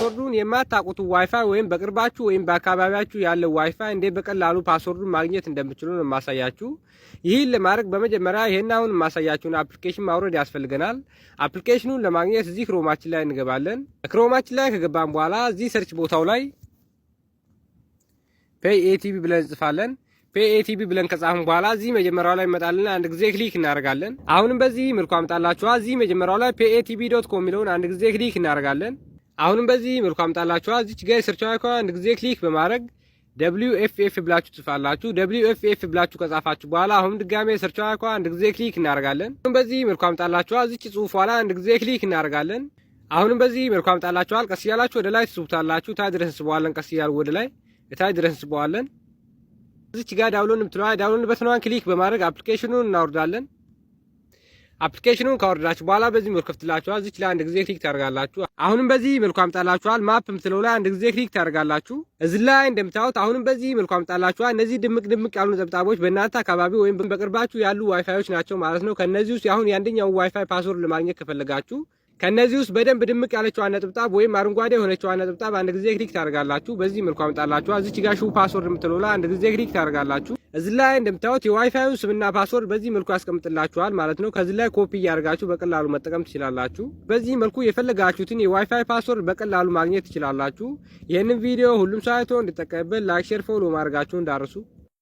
ፓስወርዱን የማታውቁት ዋይፋይ ወይም በቅርባችሁ ወይም በአካባቢያችሁ ያለ ዋይፋይ እንዴት በቀላሉ ፓስወርዱን ማግኘት እንደምችሉ ነው የማሳያችሁ። ይህን ለማድረግ በመጀመሪያ ይህን አሁን የማሳያችሁን አፕሊኬሽን ማውረድ ያስፈልገናል። አፕሊኬሽኑን ለማግኘት እዚህ ክሮማችን ላይ እንገባለን። ክሮማችን ላይ ከገባን በኋላ እዚህ ሰርች ቦታው ላይ ፔይ ኤቲቪ ብለን እንጽፋለን። ፒኤቲቢ ብለን ከጻፍን በኋላ እዚህ መጀመሪያው ላይ ይመጣልና አንድ ጊዜ ክሊክ እናደርጋለን። አሁንም በዚህ ምልኩ አምጣላችኋ እዚህ መጀመሪያው ላይ ፔኤቲቪ ዶት ኮም የሚለውን አንድ ጊዜ ክሊክ እናደርጋለን። አሁንም በዚህ መልኩ አምጣላችኋ። እዚች ጋር የሰርች አይኳ አንድ ጊዜ ክሊክ በማድረግ ደብሊው ኤፍ ኤፍ ብላችሁ ትጽፋላችሁ። ደብሊው ኤፍ ኤፍ ብላችሁ ከጻፋችሁ በኋላ አሁንም ድጋሜ የሰርች አይኳ አንድ ጊዜ ክሊክ እናደርጋለን። አሁንም በዚህ መልኩ አምጣላችኋ። እዚች ጽሁፍ ላይ አንድ ጊዜ ክሊክ እናደርጋለን። አሁንም በዚህ መልኩ አምጣላችኋል። ቀስ እያላችሁ ወደ ላይ ትስቡታላችሁ። ታይ ድረስ እንስበዋለን። ቀስ እያሉ ወደ ላይ ታይ ድረስ እንስበዋለን። እዚች ጋር ዳውንሎድ የምትለዋ ዳውንሎድ በትኗን ክሊክ በማድረግ አፕሊኬሽኑን እናወርዳለን። አፕሊኬሽኑን ካወረዳችሁ በኋላ በዚህ መልኩ ከፍትላችኋል። እዚች ላይ አንድ ጊዜ ክሊክ ታደርጋላችሁ። አሁንም በዚህ መልኩ አምጣላችኋል። ማፕ የምትለው ላይ አንድ ጊዜ ክሊክ ታደርጋላችሁ። እዚ ላይ እንደምታዩት አሁንም በዚህ መልኩ አምጣላችኋል። እነዚህ ድምቅ ድምቅ ያሉ ነጠብጣቦች በእናንተ አካባቢ ወይም በቅርባችሁ ያሉ ዋይፋዮች ናቸው ማለት ነው። ከእነዚህ ውስጥ አሁን የአንደኛው ዋይፋይ ፓስወርድ ለማግኘት ከፈለጋችሁ ከእነዚህ ውስጥ በደንብ ድምቅ ያለችዋን ነጥብጣብ ወይም አረንጓዴ የሆነችዋን ነጥብጣብ አንድ ጊዜ ክሊክ ታደርጋላችሁ። በዚህ መልኩ አምጣላችኋል። እዚች ጋሹ ፓስወርድ የምትለው ላይ አንድ ጊዜ ክሊክ ታደርጋላችሁ። እዚህ ላይ እንደምታዩት የዋይፋዩ ስምና ፓስወርድ በዚህ መልኩ ያስቀምጥላችኋል ማለት ነው። ከዚህ ላይ ኮፒ እያደርጋችሁ በቀላሉ መጠቀም ትችላላችሁ። በዚህ መልኩ የፈለጋችሁትን የዋይፋይ ፓስወርድ በቀላሉ ማግኘት ትችላላችሁ። ይህንን ቪዲዮ ሁሉም ሳይቶ እንድጠቀምበት ላይክ፣ ሼር፣ ፎሎ ማድረጋችሁ እንዳርሱ